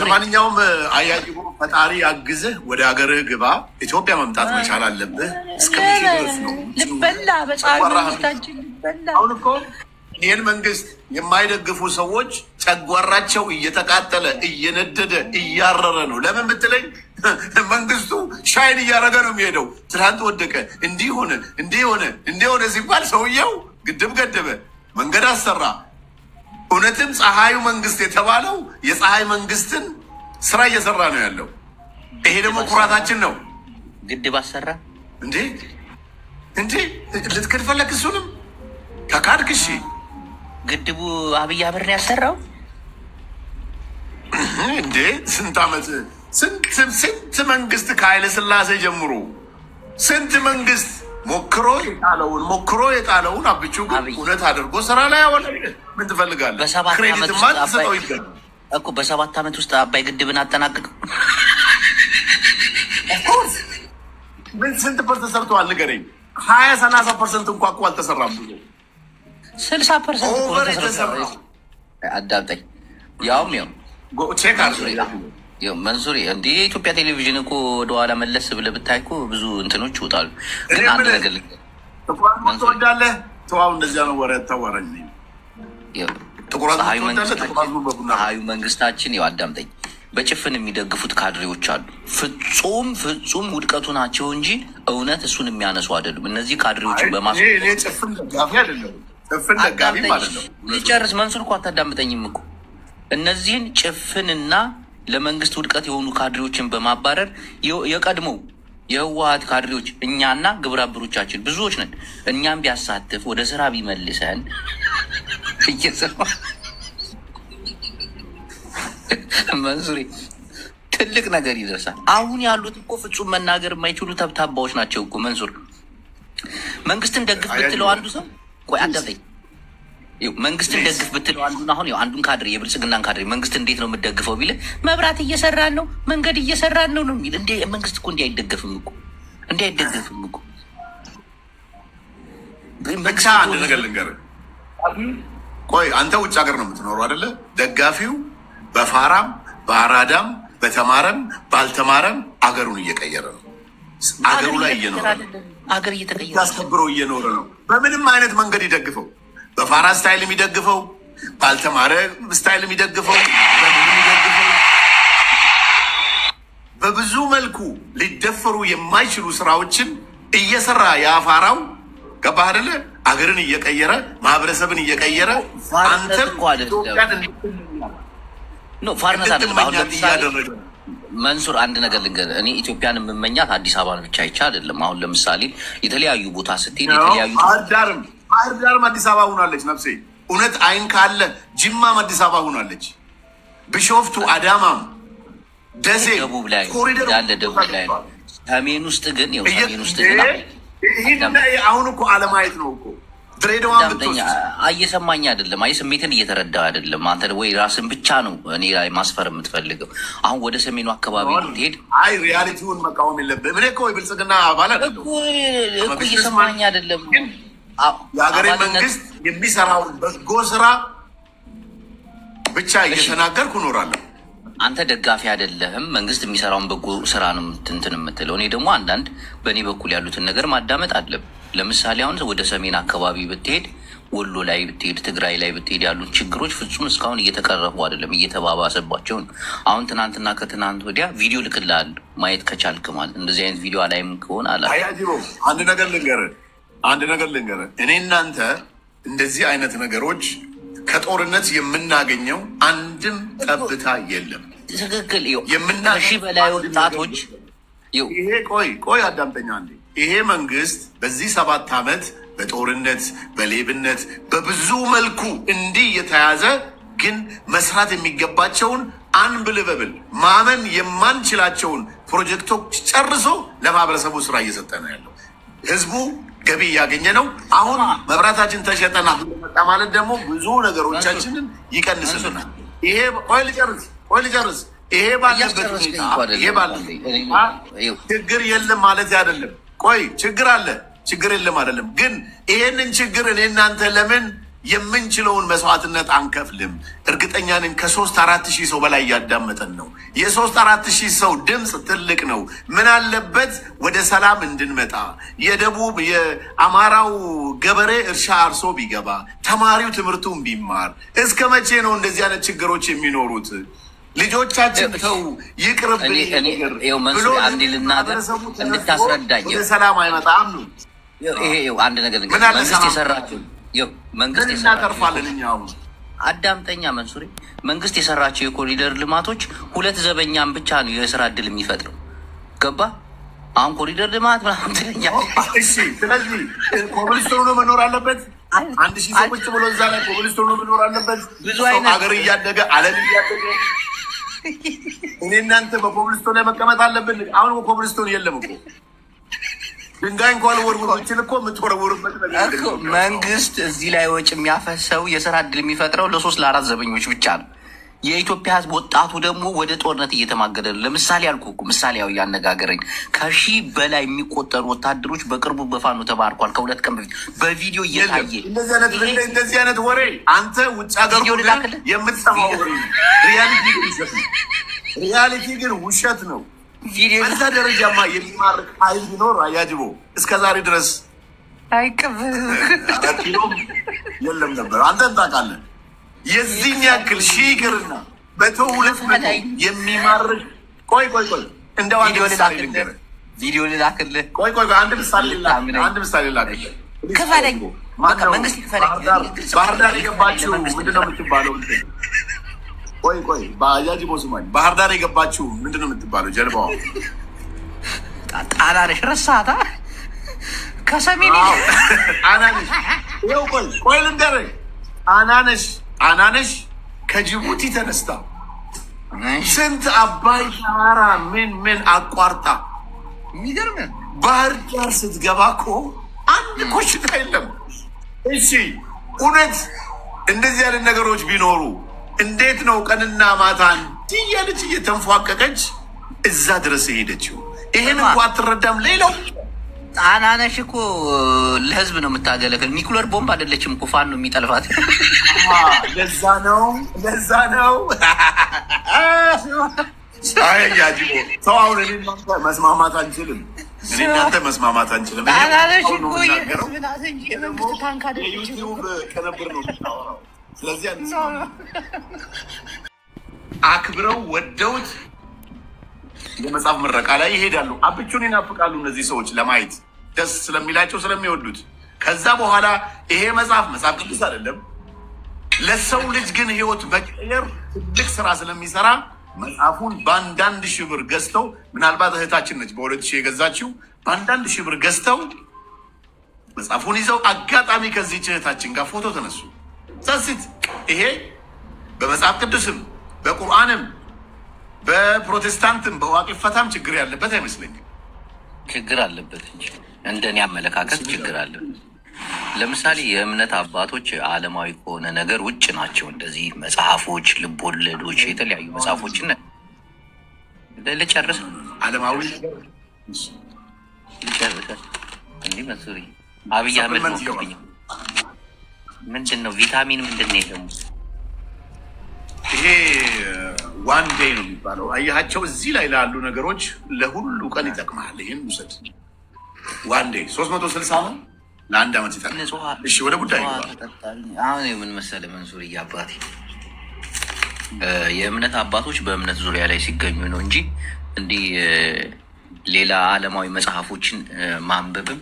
ለማንኛውም አያጅቦ ፈጣሪ አግዝህ፣ ወደ ሀገር ግባ። ኢትዮጵያ መምጣት መቻል አለብህ። እስከሚድረስ ልበላ ልበላ። ይህን መንግስት የማይደግፉ ሰዎች ጨጓራቸው እየተቃጠለ እየነደደ እያረረ ነው። ለምን ብትለኝ መንግስቱ ሻይን እያደረገ ነው የሚሄደው። ትናንት ወደቀ፣ እንዲህ ሆነ፣ እንዲህ ሆነ፣ እንዲህ ሆነ ሲባል ሰውየው ግድብ ገደበ፣ መንገድ አሰራ እውነትም ፀሐዩ መንግስት የተባለው የፀሐይ መንግስትን ስራ እየሰራ ነው ያለው። ይሄ ደግሞ ኩራታችን ነው። ግድብ አሰራ እንዴ እንዴ ልትክድ ፈለግ እሱንም ከካድክ እሺ፣ ግድቡ አብይ አብር ያሰራው እንዴ ስንት ዓመት ስንት መንግስት ከኃይለ ስላሴ ጀምሮ ስንት መንግስት ሞክሮ የጣለውን ሞክሮ የጣለውን አብቹ ግን እውነት አድርጎ ስራ ላይ ያወለ ምን ትፈልጋለህ? ክሬዲትማ ትሰጠው ይገባል እኮ በሰባት ዓመት ውስጥ አባይ ግድብን አጠናቅቅ ምን ስንት ፐርሰንት ሰርተዋል ንገረኝ። ሀያ ሰላሳ ፐርሰንት እንኳ እኮ አልተሰራም። ብዙ ስልሳ ፐርሰንት ኦቨር የተሰራ አዳምጠኝ። ያውም ያው ቼክ መንሱር እንዲ የኢትዮጵያ ቴሌቪዥን እኮ ወደኋላ መለስ ብለህ ብታይ እኮ ብዙ እንትኖች ይወጣሉ። ግን መንግስታችን ያው አዳምጠኝ። በጭፍን የሚደግፉት ካድሬዎች አሉ። ፍጹም ፍጹም ውድቀቱ ናቸው እንጂ እውነት እሱን የሚያነሱ አይደሉም። እነዚህ ካድሬዎችን በማስ ጭፍን ደጋፊ አይደለም። ጭፍን ደጋፊ ማለት ነው። ልጨርስ። መንሱር እኮ አታዳምጠኝም እኮ እነዚህን ጭፍንና ለመንግስት ውድቀት የሆኑ ካድሬዎችን በማባረር የቀድሞ የህወሀት ካድሬዎች እኛና ግብራብሮቻችን ብዙዎች ነን። እኛም ቢያሳትፍ ወደ ስራ ቢመልሰን መንሱሬ ትልቅ ነገር ይደርሳል። አሁን ያሉት እኮ ፍጹም መናገር የማይችሉ ተብታባዎች ናቸው እኮ መንሱር። መንግስትን ደግፍ ብትለው አንዱ ሰው ቆይ አዳምጠኝ መንግስትን ደግፍ ብትለው አንዱን አሁን አንዱን ካድሬ የብልጽግናን ካድሬ መንግስት እንዴት ነው የምደግፈው ቢል መብራት እየሰራን ነው፣ መንገድ እየሰራን ነው ነው የሚል እንደ መንግስት እኮ እንዲህ አይደገፍም እኮ እንዲህ አይደገፍም እኮ ነገር ቆይ አንተ ውጭ ሀገር ነው የምትኖረው አይደለ? ደጋፊው በፋራም በአራዳም በተማረም ባልተማረም አገሩን እየቀየረ ነው። አገሩ ላይ እየኖረ ነው። አገር እየተቀየረ አስከብሮ እየኖረ ነው። በምንም አይነት መንገድ ይደግፈው በፋራ ስታይል የሚደግፈው ባልተማረ ስታይል የሚደግፈው በብዙ መልኩ ሊደፈሩ የማይችሉ ስራዎችን እየሰራ የአፋራው ገባህ አይደለ? አገርን እየቀየረ ማህበረሰብን እየቀየረ መንሱር አንድ ነገር ልንገር፣ እኔ ኢትዮጵያን የምመኛት አዲስ አበባን ብቻ አይቻ አይደለም። አሁን ለምሳሌ የተለያዩ ቦታ ስትሄድ የተለያዩ ባህር ዳርም አዲስ አበባ ሆናለች። ነፍሴ እውነት አይን ካለ ጅማም አዲስ አበባ ሆናለች። ቢሾፍቱ፣ አዳማም፣ ደሴ ደቡብ ላይ ያለ ደቡብ ላይ ነው። ሰሜን ውስጥ ግን ያው ሰሜን ውስጥ ግን ይህን አሁን እኮ አለማየት ነው እኮ እየሰማኝ አይደለም። አይ ስሜትን እየተረዳ አይደለም። አንተ ወይ ራስን ብቻ ነው እኔ ላይ ማስፈር የምትፈልገው። አሁን ወደ ሰሜኑ አካባቢ ትሄድ፣ አይ ሪያሊቲውን መቃወም የለብህም። እኔ እኮ የብልጽግና አባላት እኮ እየሰማኝ አይደለም። የሀገሬ መንግስት የሚሰራውን በጎ ስራ ብቻ እየተናገርኩ እኖራለሁ። አንተ ደጋፊ አይደለህም። መንግስት የሚሰራውን በጎ ስራ ነው ትንትን የምትለው። እኔ ደግሞ አንዳንድ በእኔ በኩል ያሉትን ነገር ማዳመጥ አለም። ለምሳሌ አሁን ወደ ሰሜን አካባቢ ብትሄድ፣ ወሎ ላይ ብትሄድ፣ ትግራይ ላይ ብትሄድ ያሉት ችግሮች ፍጹም እስካሁን እየተቀረፉ አይደለም፣ እየተባባሰባቸው ነው። አሁን ትናንትና ከትናንት ወዲያ ቪዲዮ ልክልሃል፣ ማየት ከቻልክ ማለት እንደዚህ አይነት ቪዲዮ አላይም ከሆነ አላ አንድ ነገር ልንገርህ አንድ ነገር ልንገር፣ እኔ እናንተ እንደዚህ አይነት ነገሮች ከጦርነት የምናገኘው አንድም ጠብታ የለም። ትክክል የምናሺ በላይ ወጣቶች ይሄ ቆይ ቆይ አዳምጠኛ አንዴ። ይሄ መንግስት በዚህ ሰባት ዓመት በጦርነት በሌብነት በብዙ መልኩ እንዲህ የተያዘ ግን መስራት የሚገባቸውን አንብልበብል ማመን የማንችላቸውን ፕሮጀክቶች ጨርሶ ለማህበረሰቡ ስራ እየሰጠ ነው ያለው ህዝቡ ገቢ እያገኘ ነው። አሁን መብራታችን ተሸጠና መጣ ማለት ደግሞ ብዙ ነገሮቻችንን ይቀንስልናል። ይሄ ቆይ ልጨርስ፣ ቆይ ልጨርስ። ይሄ ባለበት ሁኔታ ይሄ ባለበት ችግር የለም ማለት አይደለም። ቆይ ችግር አለ፣ ችግር የለም አይደለም። ግን ይሄንን ችግር እኔ እናንተ ለምን የምንችለውን መስዋዕትነት አንከፍልም። እርግጠኛንን ከሶስት አራት ሺህ ሰው በላይ እያዳመጠን ነው። የሶስት አራት ሺህ ሰው ድምፅ ትልቅ ነው። ምን አለበት ወደ ሰላም እንድንመጣ የደቡብ የአማራው ገበሬ እርሻ አርሶ ቢገባ፣ ተማሪው ትምህርቱን ቢማር። እስከ መቼ ነው እንደዚህ አይነት ችግሮች የሚኖሩት? ልጆቻችን ተው ይቅርብን ብሎ ወደ ሰላም አይመጣም ነው። ይሄ አንድ ነገር መንግስት የሰራችው መንግስት እናቀርፋለን እኛ አዳምጠኛ መንሱሪ መንግስት የሰራቸው የኮሪደር ልማቶች ሁለት ዘበኛን ብቻ ነው የስራ እድል የሚፈጥረው። ገባ አሁን ኮሪደር ልማት ምናምን ትለኛለህ። ስለዚህ ኮብልስቶን ሆኖ መኖር አለበት። አንድ ሺህ ሰው ቁጭ ብሎ እዛ ላይ ኮብልስቶን ሆኖ መኖር አለበት። ብዙ አይነት ሀገር እያደገ አለም እያደገ እኔ እናንተ በኮብልስቶን ላይ መቀመጥ አለብን። አሁን ኮብልስቶን የለም እኮ ድንጋይ እንኳን ወርውር ብችል እኮ የምትወረውርበት መንግስት እዚህ ላይ ወጭ የሚያፈሰው የስራ እድል የሚፈጥረው ለሶስት ለአራት ዘበኞች ብቻ ነው። የኢትዮጵያ ሕዝብ ወጣቱ ደግሞ ወደ ጦርነት እየተማገደ ነው። ለምሳሌ አልኩ እኮ ምሳሌያዊ ያነጋገረኝ ከሺህ በላይ የሚቆጠሩ ወታደሮች በቅርቡ በፋኖ ተባርኳል። ከሁለት ቀን በፊት በቪዲዮ እየታየ እንደዚህ አይነት ወሬ አንተ ውጭ ሀገር የምትሰማው ወሬ ሪያሊቲ ግን ውሸት ነው። እዛ ደረጃማ የሚማርክ ኃይል ቢኖር አያጅቦ እስከ ዛሬ ድረስ አይቅም የለም ነበር። አንተ ታውቃለህ፣ የዚህን ያክል ሺህ ይቅርና መቶ ሁለት መቶ የሚማርክ ቆይ ቆይ ቆይ እንደው አንድ ምሳሌ ልንገርህ። ቪዲዮ ልላክልህ። ቆይ ቆይ አንድ ምሳሌ ልላክልህ። አንድ ምሳሌ ልላክልህ። ክፈለኝ፣ መንግስት ክፈለኝ። ባህርዳር የገባችው ምንድን ነው የምትባለው? ቆይ ቆይ፣ በአጃጅ ቦስማኝ ባህር ዳር የገባችው ምንድን ነው የምትባለው ጀልባዋ? ጣና ረሳታ ከሰሜን ጣናነሽ። ቆይ ቆይ ልንገርህ፣ አናነሽ አናነሽ ከጅቡቲ ተነስታ ስንት አባይ ተራራ ምን ምን አቋርጣ የሚገርም ባህር ዳር ስትገባ እኮ አንድ ኮሽታ የለም። እሺ እውነት እንደዚህ አይነት ነገሮች ቢኖሩ እንዴት ነው ቀንና ማታ እንዲህ እያለች እየተንፏቀቀች እዛ ድረስ ሄደችው። ይህን እንኳ አትረዳም። ሌላው አናነሽ እኮ ለህዝብ ነው የምታገለግል። ኒኩለር ቦምብ አይደለችም እኮ ፋኖ ነው የሚጠልፋት። ለዛ ነው ለዛ ነው። ሰው መስማማት አንችልም፣ እናንተ መስማማት አንችልም። ጣናነሽ እኮ የህዝብ ናት እንጂ የመንግስት ነው የምታወራው ስለዚህ አክብረው ወደውት የመጽሐፍ ምረቃ ላይ ይሄዳሉ። አብቹን ይናፍቃሉ እነዚህ ሰዎች ለማየት ደስ ስለሚላቸው ስለሚወዱት። ከዛ በኋላ ይሄ መጽሐፍ መጽሐፍ ቅዱስ አይደለም፣ ለሰው ልጅ ግን ህይወት በቀየር ትልቅ ስራ ስለሚሰራ መጽሐፉን በአንዳንድ ሺህ ብር ገዝተው ምናልባት እህታችን ነች በሁለት ሺህ የገዛችው በአንዳንድ ሺህ ብር ገዝተው መጽሐፉን ይዘው አጋጣሚ ከዚህች እህታችን ጋር ፎቶ ተነሱ። ጸስት ይሄ በመጽሐፍ ቅዱስም በቁርአንም በፕሮቴስታንትም በዋቂ ፈታም ችግር ያለበት አይመስለኝም። ችግር አለበት እንጂ እንደኔ አመለካከት ችግር አለ። ለምሳሌ የእምነት አባቶች ዓለማዊ ከሆነ ነገር ውጭ ናቸው። እንደዚህ መጽሐፎች፣ ልቦለዶች፣ የተለያዩ መጽሐፎችን ልጨርስ ዓለማዊ ልጨርስ እንዲህ መሱሪ አብይ አህመድ ነው ምንድን ነው ቪታሚን ምንድን ነው ደግሞ ይሄ ዋን ዴይ ነው የሚባለው። አያቸው እዚህ ላይ ላሉ ነገሮች ለሁሉ ቀን ይጠቅማል። ይህን ውሰድ። ዋን ዴይ ሶስት መቶ ስልሳ ነው ለአንድ አመት ይጠቅማል። እሺ ወደ ጉዳይ አሁን የምን መንሱር እያባቴ የእምነት አባቶች በእምነት ዙሪያ ላይ ሲገኙ ነው እንጂ እንዲህ ሌላ ዓለማዊ መጽሐፎችን ማንበብም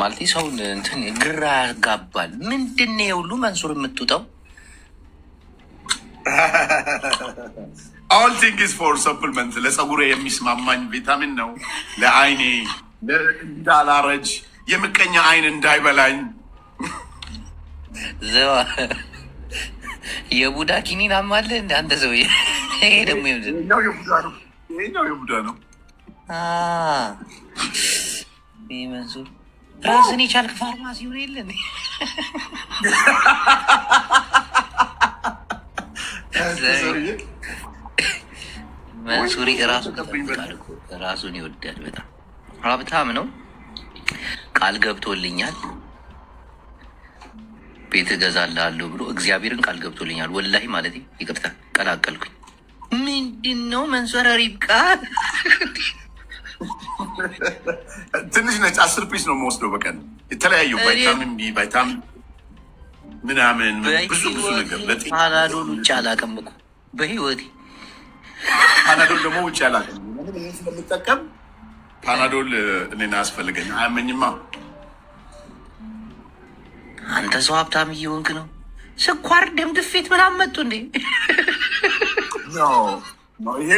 ማለት ሰውን እንትን ግራ ያጋባል። ምንድን ነው የሁሉ መንሱር የምትውጠው? ኦል ቲንግስ ፎር ሰፕልመንት ለፀጉሬ የሚስማማኝ ቪታሚን ነው። ለአይኔ እንዳላረጅ፣ የምቀኛ አይን እንዳይበላኝ። የቡዳ ኪኒን አማለ እንደ አንተ ሰው ይሄ ደግሞ ይሄኛው የቡዳ ነው። ይህ መንሱር ራስን የቻልክ ፋርማሲ ሆነ የለን መንሱሪ ራሱን ራሱን ይወዳል። በጣም ሀብታም ነው። ቃል ገብቶልኛል ቤት እገዛልሃለሁ ብሎ እግዚአብሔርን ቃል ገብቶልኛል። ወላሂ ማለት ይቅርታ ቀላቀልኩኝ። ምንድን ነው መንሱሪ ቃል ትንሽ ነች። አስር ፒስ ነው የምወስደው በቀን የተለያዩ ቫይታሚን ቢ ቫይታሚን ምናምን ብዙ ብዙ ነገር ፓናዶል ውጭ አላውቅም እኮ በህይወቴ ፓናዶል ደግሞ ውጭ አላውቅም ስለምጠቀም ፓናዶል እኔን አያስፈልገኝ አያመኝማ። አንተ ሰው ሀብታም እየሆንክ ነው። ስኳር፣ ደም ግፊት ምናምን መጡ እንዴ?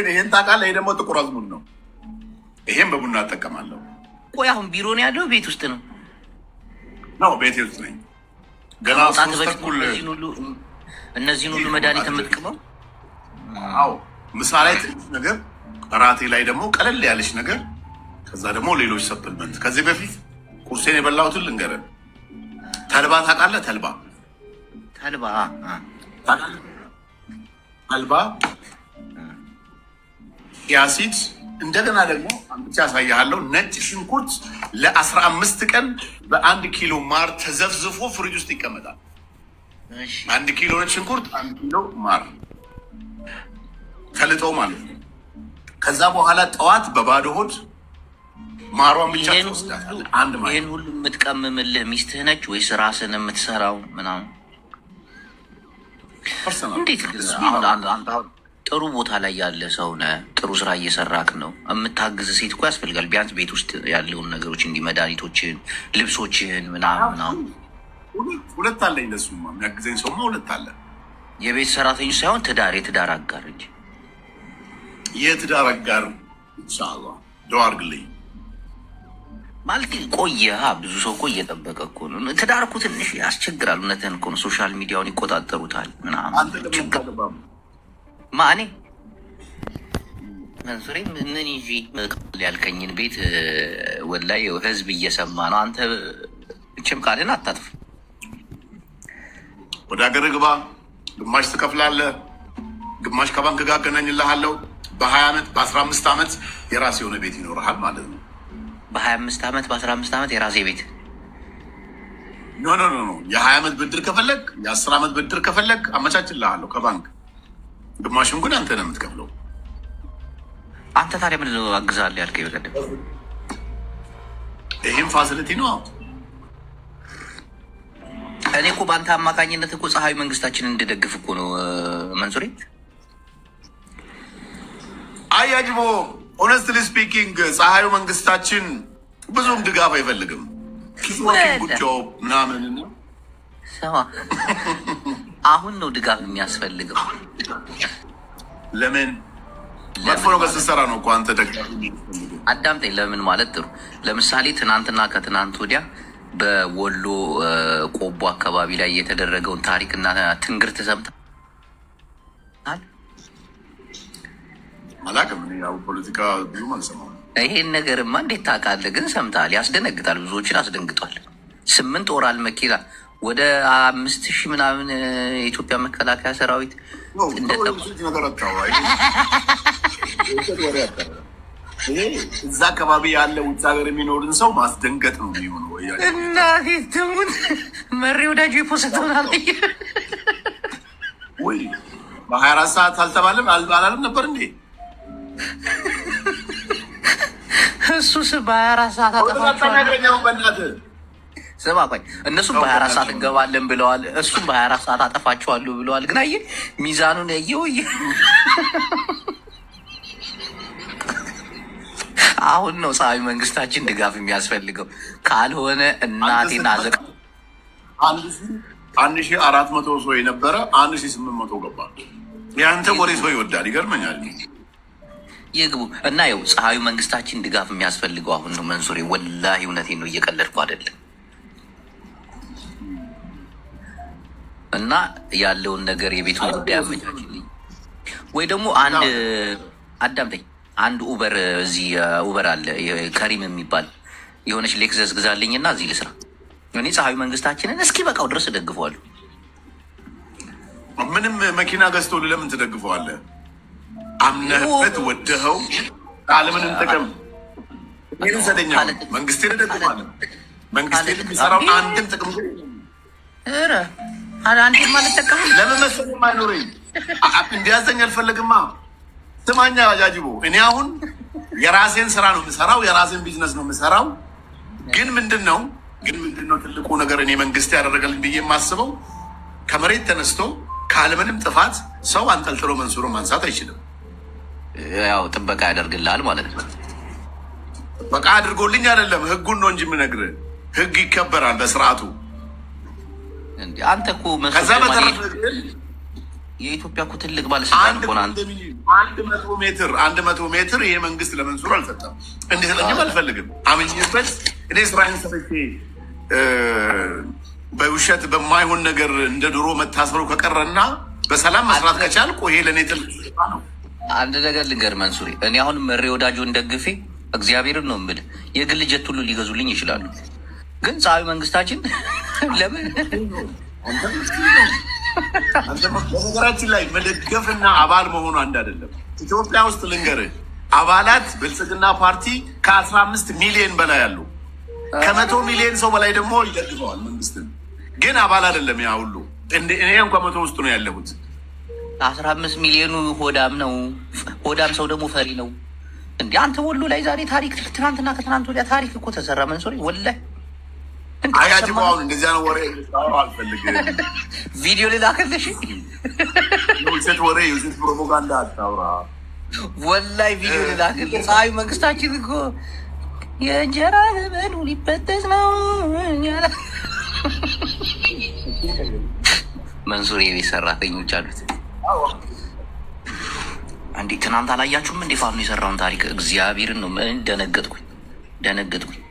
ይሄን ታውቃለህ። ይሄ ደግሞ ጥቁር አዝሙድ ነው። ይሄን በቡና እጠቀማለሁ። ቆይ አሁን ቢሮ ነው ያለው ቤት ውስጥ ነው ነው ቤት ውስጥ ነኝ። ገና ተኩል እነዚህን ሁሉ መድኃኒት የምትቅመው? አዎ ምሳ ላይ ትንሽ ነገር፣ እራቴ ላይ ደግሞ ቀለል ያለች ነገር፣ ከዛ ደግሞ ሌሎች ሰፕልመንት። ከዚህ በፊት ቁርሴን የበላሁትን ልንገረን። ተልባ ታውቃለህ? ተልባ ተልባ ተልባ ያሲድ እንደገና ደግሞ ብቻ ያሳያለው ነጭ ሽንኩርት ለአስራ አምስት ቀን በአንድ ኪሎ ማር ተዘፍዝፎ ፍሪጅ ውስጥ ይቀመጣል። አንድ ኪሎ ነጭ ሽንኩርት፣ አንድ ኪሎ ማር ተልጦ ማለት ነው። ከዛ በኋላ ጠዋት በባዶ ሆድ ማሯን ብቻ ትወስዳታል። አንድ ማለት ይህን ሁሉ የምትቀምምልህ ሚስትህ ነች ወይስ ራስን የምትሰራው ምናምን? እንዴት ጥሩ ቦታ ላይ ያለ ሰውነ ጥሩ ስራ እየሰራክ ነው። የምታግዝ ሴት እኮ ያስፈልጋል። ቢያንስ ቤት ውስጥ ያለውን ነገሮች እንዲህ መድኃኒቶችን፣ ልብሶችህን ምናምን ሁለት አለኝ። ለሱማ የሚያግዘኝ ሰውማ ሁለት አለ። የቤት ሰራተኞች ሳይሆን ትዳር የትዳር አጋር እንጂ የትዳር አጋር ኢንሻአላ ዱአ አድርግልኝ። ማለት ቆየ ብዙ ሰው እኮ እየጠበቀ እኮ ነው። ትዳር እኮ ትንሽ ያስቸግራል። እውነትህን እኮ ነው። ሶሻል ሚዲያውን ይቆጣጠሩታል ምናምን ማኔ መንሱሬ ምን ይዤ ያልከኝን ቤት ወላሂ ህዝብ እየሰማ ነው። አንተ እችም ቃልን አታጥፍ። ወደ ሀገር ግባ፣ ግማሽ ትከፍላለህ፣ ግማሽ ከባንክ ጋር አገናኝልሃለሁ። በሀያ ዓመት በአስራ አምስት ዓመት የራስ የሆነ ቤት ይኖርሃል ማለት ነው። በሀያ አምስት ዓመት በአስራ አምስት ዓመት የራሴ ቤት ኖ ኖ ኖ የሀያ ዓመት ብድር ከፈለግ የአስር ዓመት ብድር ከፈለግ አመቻችልሃለሁ ከባንክ ግማሹን ግን አንተ ነው የምትከፍለው። አንተ ታዲያ ምን አግዛለሁ ያልከኝ በቀደም ይህም ፋሲሊቲ ነው። እኔ እኮ በአንተ አማካኝነት እኮ ፀሐዩ መንግስታችንን እንደደግፍ እኮ ነው አይ አጅቦ፣ ኦነስትሊ ስፒኪንግ ፀሐዩ መንግስታችን ብዙም ድጋፍ አይፈልግም። ምናምን አሁን ነው ድጋፍ የሚያስፈልገው። ለምን መጥፎ ነገር ስትሰራ ነው እኮ አንተ አዳምጠኝ። ለምን ማለት ጥሩ። ለምሳሌ ትናንትና ከትናንት ወዲያ በወሎ ቆቦ አካባቢ ላይ የተደረገውን ታሪክና ትንግርት ሰምተሃል? ፖለቲካ ይሄን ነገርማ እንዴት ታውቃለህ? ግን ሰምተሃል። ያስደነግጣል። ብዙዎችን አስደንግጧል። ስምንት ወራል መኪና ወደ አምስት ሺህ ምናምን የኢትዮጵያ መከላከያ ሰራዊት ይሄ እዛ አካባቢ ያለ ውጭ ሀገር የሚኖርን ሰው ማስደንገጥ ነው የሚሆነው። እና ትሙን መሬ ወዳጅ የፖስተውናል ወይ በሀያ አራት ሰዓት አልተባለም አላለም ነበር እንዴ? እሱስ በሀያ አራት ሰዓት አጠፋ ስማ እነሱም በሀያ አራት ሰዓት እንገባለን ብለዋል። እሱም በሀያ አራት ሰዓት አጠፋችኋሉ ብለዋል። ግን አየህ ሚዛኑን ያየው አሁን ነው ፀሐይ መንግስታችን ድጋፍ የሚያስፈልገው። ካልሆነ እናቴን አዘቅ አንድ ሺ አራት መቶ ሰው የነበረ አንድ ሺ ስምንት መቶ ገባል። የአንተ ወሬ ሰው ይወዳል፣ ይገርመኛል። ይግቡ እና ይኸው ፀሐዩ መንግስታችን ድጋፍ የሚያስፈልገው አሁን ነው። መንሱሬ ወላሂ እውነቴን ነው፣ እየቀለድኩ አይደለም። እና ያለውን ነገር የቤቱን ጉዳይ አመቻችልኝ ወይ ደግሞ አንድ አዳምጠኝ። አንድ ኡበር እዚህ ኡበር አለ ከሪም የሚባል የሆነች ሌክዘስ ግዛልኝ እና እዚህ ልስራ። እኔ ፀሐዩ መንግስታችንን እስኪ በቃው ድረስ እደግፈዋለሁ። ምንም መኪና ገዝቶ ለምን ትደግፈዋለህ? አምነህበት ወደኸው ቃልምን እንጠቀም ሰደኛ መንግስቴን እደግፈዋለሁ። መንግስቴ ሰራው አንድም ጥቅም ኧረ አንዴ ማለተካ ለምን መሰለኝ አይኖረኝ እንዲያዘኝ አልፈለግማ። ስማኛ አጃጅቦ እኔ አሁን የራሴን ስራ ነው የምሰራው፣ የራሴን ቢዝነስ ነው የምሰራው። ግን ምንድን ነው ግን ምንድን ነው ትልቁ ነገር እኔ መንግስት ያደረገልኝ ብዬ የማስበው ከመሬት ተነስቶ ካለምንም ጥፋት ሰው አንጠልጥሎ መንስሮ ማንሳት አይችልም። ያው ጥበቃ ያደርግልሃል ማለት ነው። ጥበቃ አድርጎልኝ አይደለም ህጉን ነው እንጂ የምነግርህ፣ ህግ ይከበራል በስርዓቱ አንተ እኮ ግን የኢትዮጵያ እኮ ትልቅ ባለስልጣን እኮ አንድ መቶ ሜትር አንድ መቶ ሜትር ይሄ መንግስት ለመንሱር አልሰጠም። እንዲሰጠኝም አልፈልግም። አምኜበት እኔ ስራይን ሰርቼ በውሸት በማይሆን ነገር እንደ ድሮ መታሰሩ ከቀረና በሰላም መስራት ከቻልኩ ይሄ ለእኔ ትልቅ ነው። አንድ ነገር ልንገር መንሱሪ፣ እኔ አሁን መሬ ወዳጆን ደግፌ እግዚአብሔርን ነው የምልህ የግል ጀት ሁሉ ሊገዙልኝ ይችላሉ። ግን ፀሐዩ መንግስታችን ለምን በነገራችን ላይ መደገፍና አባል መሆኑ አንድ አይደለም። ኢትዮጵያ ውስጥ ልንገርህ አባላት ብልጽግና ፓርቲ ከአስራ አምስት ሚሊዮን በላይ አሉ። ከመቶ ሚሊዮን ሰው በላይ ደግሞ ይደግፈዋል መንግስትን። ግን አባል አይደለም ያ ሁሉ። እኔ እንኳ መቶ ውስጥ ነው ያለሁት። አስራ አምስት ሚሊዮኑ ሆዳም ነው። ሆዳም ሰው ደግሞ ፈሪ ነው። እንደ አንተ ወሎ ላይ ዛሬ ታሪክ ትናንትና ከትናንት ወዲያ ታሪክ እኮ ተሰራ። መንሶሪ ወላሂ አያጅም አሁን እንደዚህ ወሬ አልፈልግም። ቪዲዮ ልላክልሽ። ውሸት ወሬ ፕሮፓጋንዳ አታውራ። ቪዲዮ ልላክልሽ። ፀሐዩ መንግስታችን እኮ የእንጀራ ሊበጠስ ነው። መንሱር የቤት ሰራተኞች አሉት። እንዴ ትናንት አላያችሁም? እንዴ ፋኖ የሰራውን ታሪክ እግዚአብሔርን ነው። ምን ደነገጥኩኝ፣ ደነገጥኩኝ